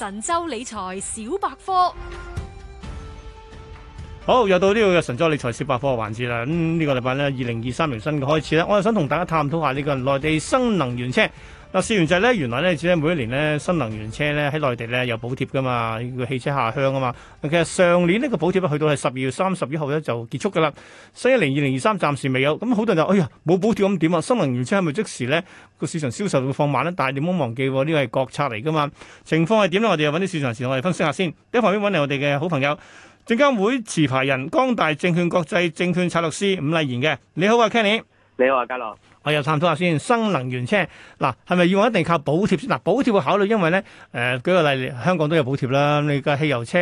神州理財小百科，好，又到呢個嘅神州理財小百科嘅環節啦。咁、嗯、呢、這個禮拜呢，二零二三年新嘅開始啦。我又想同大家探討下呢個內地新能源車。嗱，試完就係咧，原來咧只係每一年咧，新能源車咧喺內地咧有補貼噶嘛，叫汽車下鄉啊嘛。其實上年呢個補貼去到係十二月三十一號咧就結束噶啦，新一年二零二三暫時未有。咁好多人就，哎呀，冇補貼咁點啊？新能源車係咪即時咧個市場銷售會放慢咧？但係你唔好忘記喎，呢個係國策嚟噶嘛。情況係點咧？我哋又揾啲市場事，我哋分析下先。一旁邊揾嚟我哋嘅好朋友，證監會持牌人，光大證券國際證券策略師伍禮賢嘅，你好啊，Kenny。Kenny 你好啊，家樂。我又探討下先，新能源車嗱，係咪要一定靠補貼先？嗱，補貼嘅考慮，因為咧，誒、呃，舉個例子，香港都有補貼啦。你個汽油車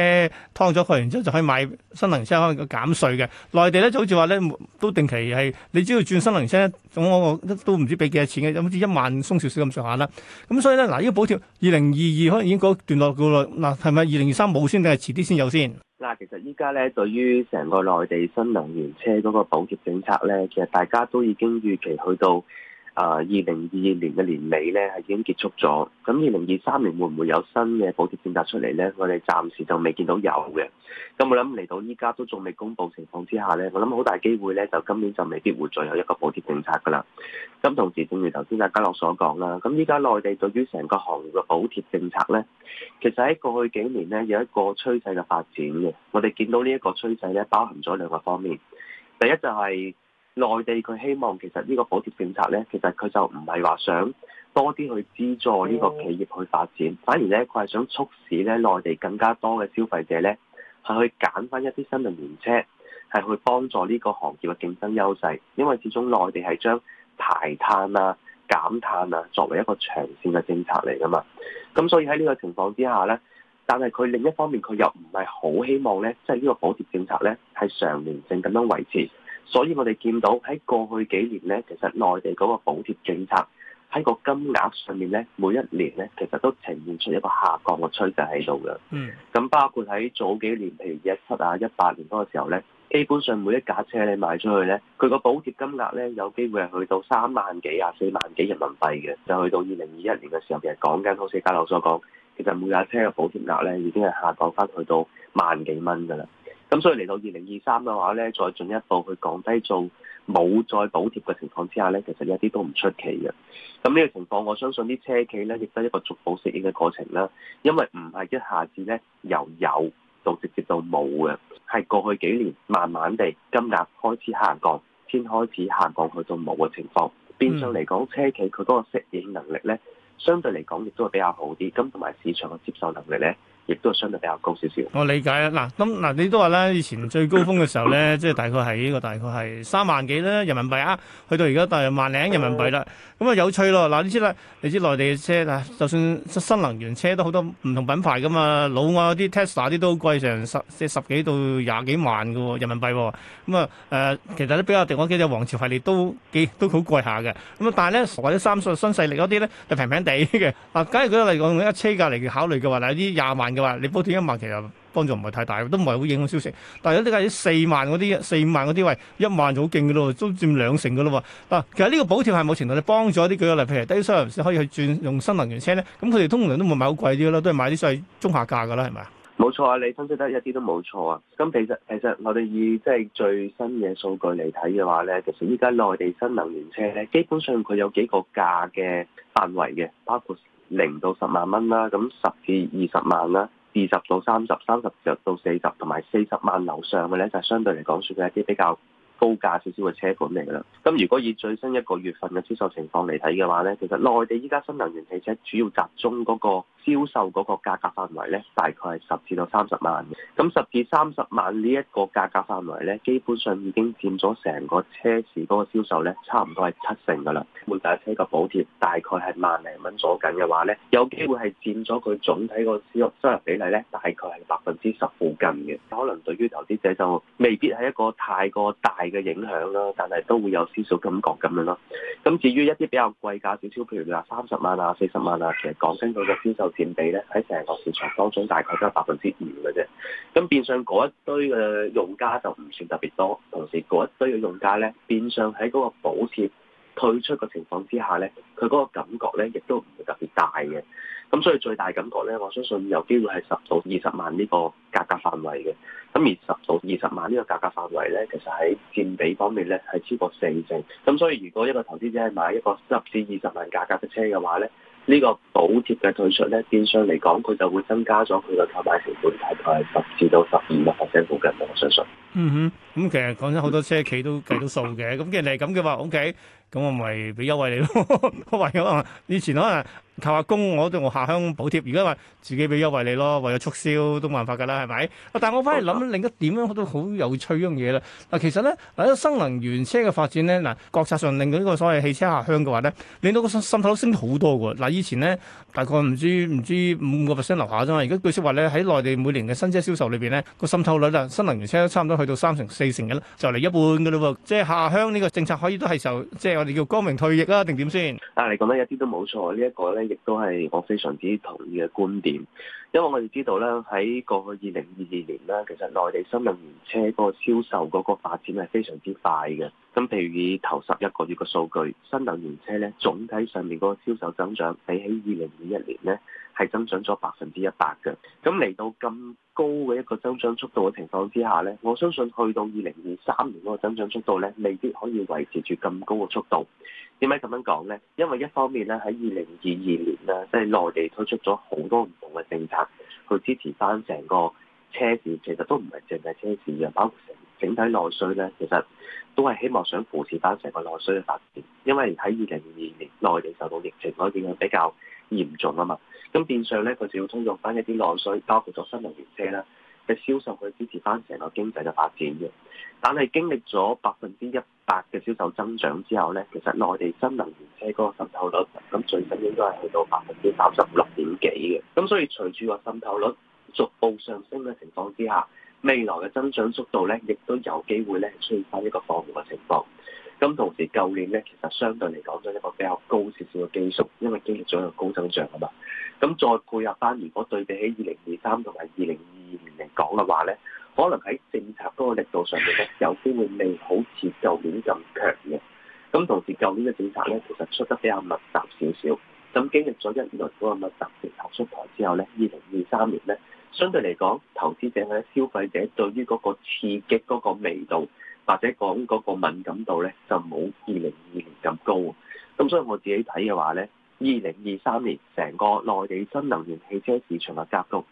劏咗佢，然之後就可以買新能源車，可以減稅嘅。內地咧就好似話咧，都定期係你只要轉新能源車，咁我都唔知俾幾多錢嘅，有好似一萬鬆少少咁上下啦。咁所以咧，嗱，呢個補貼二零二二可能已經講段落去啦。嗱，係咪二零二三冇先定係遲啲先有先？嗱，其實依家咧，對於成個內地新能源車嗰個補貼政策咧，其實大家都已經預期去到。啊！二零二二年嘅年尾呢，係已經結束咗。咁二零二三年會唔會有新嘅補貼政策出嚟呢？我哋暫時就未見到有嘅。咁我諗嚟到依家都仲未公布情況之下呢，我諗好大機會呢，就今年就未必會再有一個補貼政策㗎啦。咁同時正如頭先大家樂所講啦，咁依家內地對於成個行業嘅補貼政策呢，其實喺過去幾年呢，有一個趨勢嘅發展嘅。我哋見到呢一個趨勢呢，包含咗兩個方面。第一就係、是。內地佢希望其實呢個補貼政策呢，其實佢就唔係話想多啲去資助呢個企業去發展，嗯、反而呢，佢係想促使咧內地更加多嘅消費者呢，係去揀返一啲新能源車，係去幫助呢個行業嘅競爭優勢。因為始終內地係將排碳啊、減碳啊作為一個長線嘅政策嚟㗎嘛。咁所以喺呢個情況之下呢，但係佢另一方面佢又唔係好希望呢，即係呢個補貼政策呢，係常年性咁樣維持。所以我哋見到喺過去幾年咧，其實內地嗰個補貼政策喺個金額上面咧，每一年咧，其實都呈現出一個下降嘅趨勢喺度嘅。嗯，咁包括喺早幾年，譬如一七啊、一八年嗰個時候咧，基本上每一架車你賣出去咧，佢個補貼金額咧，有機會係去到三萬幾啊、四萬幾人民幣嘅，就去到二零二一年嘅時候，其實講緊，好似嘉樂所講，其實每架車嘅補貼額咧，已經係下降翻去到萬幾蚊㗎啦。咁所以嚟到二零二三嘅話，咧，再進一步去降低做冇再補貼嘅情況之下咧，其實一啲都唔出奇嘅。咁呢個情況，我相信啲車企咧亦都一個逐步適應嘅過程啦，因為唔係一下子咧由有到直接到冇嘅，係過去幾年慢慢地金額開始下降，先開始下降去到冇嘅情況。變相嚟講，嗯、車企佢嗰個適應能力咧，相對嚟講亦都係比較好啲。咁同埋市場嘅接受能力咧，亦都相對比較高少少。我理解啦，嗱咁嗱，你都話咧，以前最高峰嘅時候咧，即係大概係呢個大概係三萬幾咧人民幣啊，去到而家大約萬零人民幣啦。咁、嗯、啊、嗯嗯嗯、有趣咯，嗱你知咧，你知，你知內地嘅車啦，就算新能源車都好多唔同品牌噶嘛，老外啲、啊、Tesla 啲都貴成十即十幾到廿幾萬嘅喎人民幣喎。咁啊誒，其實都比較定嗰幾隻王朝系列都幾都好貴下嘅。咁啊，但係咧，或者三新新勢力嗰啲咧，就平平地嘅。嗱，假如舉個例講，一車價嚟考慮嘅話，嗱啲廿萬。話你補貼一萬其實幫助唔係太大，都唔係好影響消息。但係嗰啲價錢四萬嗰啲，四五萬嗰啲，喂，一萬就好勁噶咯，都佔兩成噶咯。但其實呢個補貼係冇程度，你幫助一啲舉個例，譬如低新能源可以去轉用新能源車咧，咁佢哋通常都唔會買好貴啲噶啦，都係買啲所謂中下價噶啦，係咪啊？冇錯啊，你分析得一啲都冇錯啊。咁其實其實我哋以即係最新嘅數據嚟睇嘅話咧，其實依家內地新能源車咧，基本上佢有幾個價嘅範圍嘅，包括。零到十萬蚊啦，咁十至二十萬啦，二十到三十，三十就到四十，同埋四十萬樓上嘅呢，就相對嚟講算係一啲比較高價少少嘅車款嚟噶啦，咁如果以最新一個月份嘅銷售情況嚟睇嘅話呢，其實內地依家新能源汽車主要集中嗰個銷售嗰個，個價格範圍呢，大概係十至到三十萬。咁十至三十萬呢一個價格範圍呢，基本上已經佔咗成個車市嗰個銷售呢，差唔多係七成噶啦。每架車嘅補貼大概係萬零蚊左緊嘅話呢，有機會係佔咗佢總體個銷售收入比例呢，大概係百分之十附近嘅。可能對於投資者就未必係一個太過大。嘅影響啦，但係都會有少少感覺咁樣咯。咁至於一啲比較貴價少少，譬如你話三十萬啊、四十萬啊，其實講真嗰個銷售佔比咧，喺成個市場當中大概都係百分之二嘅啫。咁變相嗰一堆嘅用家就唔算特別多，同時嗰一堆嘅用家咧，變相喺嗰個補貼退出嘅情況之下咧，佢嗰個感覺咧，亦都唔會特別大嘅。咁所以最大感覺咧，我相信有機會係十到二十萬呢個價格範圍嘅。咁而十到二十萬呢個價格範圍咧，其實喺佔比方面咧，係超過四成。咁所以如果一個投資者係買一個十至二十萬價格嘅車嘅話咧，呢個補貼嘅退出咧，變相嚟講，佢就會增加咗佢嘅購買成本，大概十至到十五個 percent 附近，我相信。嗯哼，咁其實講咗好多車企都計到數嘅，咁既然你咁嘅話，O K。Okay。咁我咪俾優惠你咯，為咗以前可能求下工，我對我下鄉補貼，而家話自己俾優惠你咯，為咗促銷都冇辦法㗎啦，係咪？但係我翻去諗，另一點樣都好有趣嘅嘢啦。嗱，其實咧，嗱，新能源車嘅發展咧，嗱，國策上令到呢個所謂汽車下鄉嘅話咧，令到個滲透率升好多㗎。嗱，以前咧，大概唔知唔知五個 percent 樓下啫嘛，而家據説話咧，喺內地每年嘅新車銷售裏邊咧，個滲透率啦，新能源車差唔多去到三成四成嘅啦，就嚟一半㗎啦喎。即係下鄉呢個政策可以都係受即係。我哋叫光明退役啊，定點先？啊，你講得一啲都冇錯，呢一個呢，亦都係我非常之同意嘅觀點。因為我哋知道咧，喺過去二零二二年呢，其實內地新能源車個銷售嗰個發展係非常之快嘅。咁譬如以頭十一個月嘅數據，新能源車呢，總體上面嗰個銷售增長比起二零二一年呢。係增長咗百分之一百嘅，咁嚟到咁高嘅一個增長速度嘅情況之下呢，我相信去到二零二三年嗰個增長速度呢，未必可以維持住咁高嘅速度。點解咁樣講呢？因為一方面呢，喺二零二二年呢，即係內地推出咗好多唔同嘅政策去支持翻成個車市，其實都唔係淨係車市嘅，包括整體內需呢，其實都係希望想扶持翻成個內需嘅發展。因為喺二零二二年內地受到疫情嗰啲嘅比較，嚴重啊嘛，咁變相咧，佢就要通過翻一啲內需，包括咗新能源車啦嘅銷售去支持翻成個經濟嘅發展嘅。但係經歷咗百分之一百嘅銷售增長之後咧，其實內地新能源車嗰個滲透率，咁最新應該係去到百分之三十六點幾嘅。咁所以隨住個滲透率逐步上升嘅情況之下，未來嘅增長速度咧，亦都有機會咧，出現翻一個放緩嘅情況。咁同時呢，舊年咧其實相對嚟講，都一個比較高少少嘅基數，因為經歷咗一個高增長啊嘛。咁再配合翻，如果對比起二零二三同埋二零二二年嚟講嘅話咧，可能喺政策嗰個力度上面咧，有機會未好似舊年咁強嘅。咁同時，舊年嘅政策咧，其實出得比較密集少少。咁經歷咗一輪嗰個密集政策出台之後咧，二零二三年咧，相對嚟講，投資者咧、消費者對於嗰個刺激嗰個味道，或者講嗰個敏感度咧，就冇二零二零咁高。咁所以我自己睇嘅話咧，二零二三年成個內地新能源汽車市場嘅格局，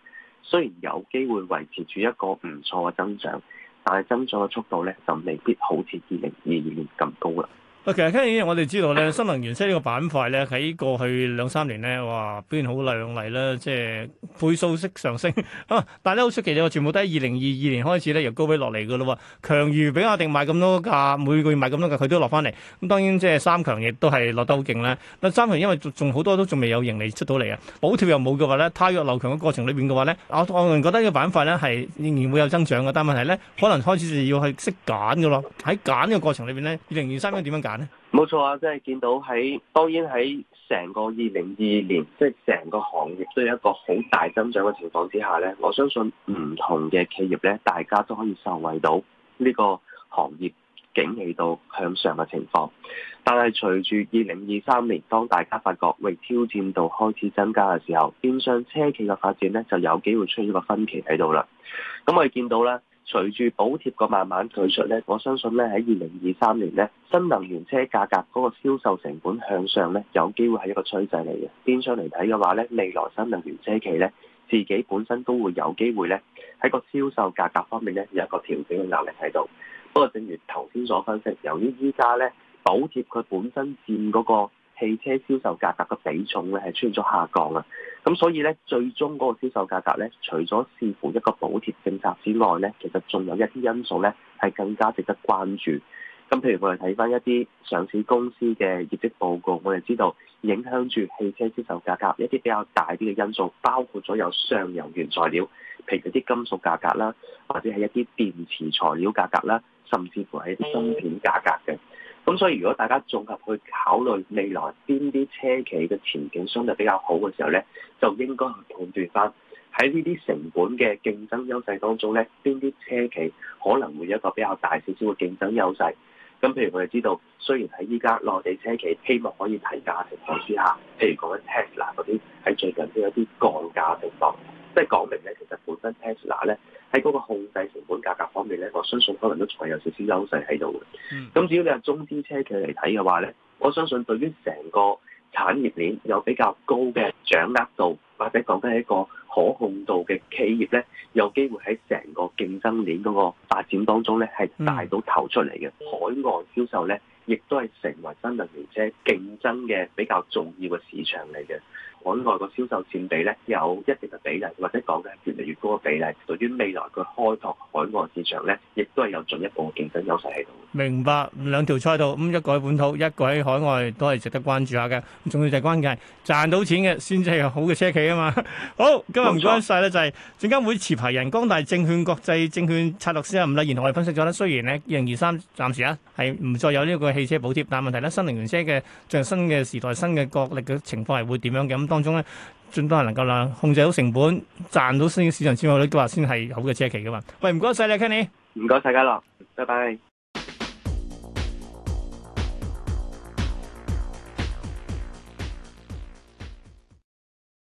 雖然有機會維持住一個唔錯嘅增長，但係增長嘅速度咧，就未必好似二零二二年咁高啦。其實今日我哋知道咧，新能源車呢個板塊咧，喺過去兩三年咧，哇，變好靚麗啦，即係倍數式上升嚇。 但係咧，好出奇嘅，全部都喺二零二二年開始咧由高位落嚟嘅咯喎。強如比亞迪賣咁多價，每個月賣咁多價，佢都落翻嚟。咁當然即係三強亦都係落得好勁啦。三強因為仲好多都仲未有盈利出到嚟啊，補貼又冇嘅話咧，汰弱留強嘅過程裏邊嘅話咧，我個人覺得呢個板塊咧係仍然會有增長嘅，但係問題咧，可能開始就要去識揀嘅咯。喺揀嘅過程裏邊咧，二零二三年應該點樣揀？冇錯啊！即係見到喺當然喺成個二零二二年，即係成個行業都有一個好大增長嘅情況之下呢，我相信唔同嘅企業呢，大家都可以受惠到呢個行業景氣度向上嘅情況。但係隨住二零二三年，當大家發覺喂，挑戰度開始增加嘅時候，變相車企嘅發展呢，就有機會出現一個分歧喺度啦。咁、嗯、我哋見到呢。隨住補貼個慢慢退出咧，我相信咧喺二零二三年咧，新能源車價格嗰個銷售成本向上咧，有機會係一個趨勢嚟嘅。變相嚟睇嘅話咧，未來新能源車企咧，自己本身都會有機會咧喺個銷售價格方面咧有一個調整嘅壓力喺度。不過正如頭先所分析，由於依家咧補貼佢本身佔嗰、那個。汽車銷售價格嘅比重咧係出現咗下降啊，咁所以咧最終嗰個銷售價格咧，除咗視乎一個補貼政策之外咧，其實仲有一啲因素咧係更加值得關注。咁譬如我哋睇翻一啲上市公司嘅業績報告，我哋知道影響住汽車銷售價格一啲比較大啲嘅因素，包括咗有上游原材料，譬如啲金屬價格啦，或者係一啲電池材料價格啦，甚至乎係一啲芯片價格嘅。咁所以如果大家綜合去考慮未來邊啲車企嘅前景相對比較好嘅時候呢，就應該去判斷翻喺呢啲成本嘅競爭優勢當中呢，邊啲車企可能會有一個比較大少少嘅競爭優勢。咁譬如我哋知道，雖然喺依家內地車企希望可以提價情況之下，譬如講緊 Tesla 嗰啲喺最近都有啲降價情況。即係講明咧，其實本身 Tesla 咧喺嗰個控制成本價格方面咧，我相信可能都仲有少少優勢喺度嘅。咁只要你係中資車企嚟睇嘅話咧，我相信對於成個產業鏈有比較高嘅掌握度，或者講緊係一個可控度嘅企業咧，有機會喺成個競爭鏈嗰個發展當中咧，係大到投出嚟嘅。嗯、海外銷售咧，亦都係成為新能源車競爭嘅比較重要嘅市場嚟嘅。海外個銷售佔比咧，有一定嘅比例，或者講咧，越嚟越高嘅比例。對於未來佢開拓海外市場咧，亦都係有進一步嘅競爭優勢喺度。明白，兩條賽道，咁一個喺本土，一個喺海外，都係值得關注下嘅。重要就係關鍵，賺到錢嘅先至係好嘅車企啊嘛。好，今日唔該晒咧，就係證監會持牌人光大證券國際證券策略師阿伍禮賢同我哋分析咗咧。雖然咧二零二三暫時啊係唔再有呢個汽車補貼，但係問題咧新能源車嘅像新嘅時代、新嘅角力嘅情況係會點樣嘅咁？當中咧，盡都係能夠啦，控制到成本，賺到新市場佔有率都話，先係好嘅車期㗎嘛。喂，唔該晒你，Kenny，唔該晒嘉樂，拜拜。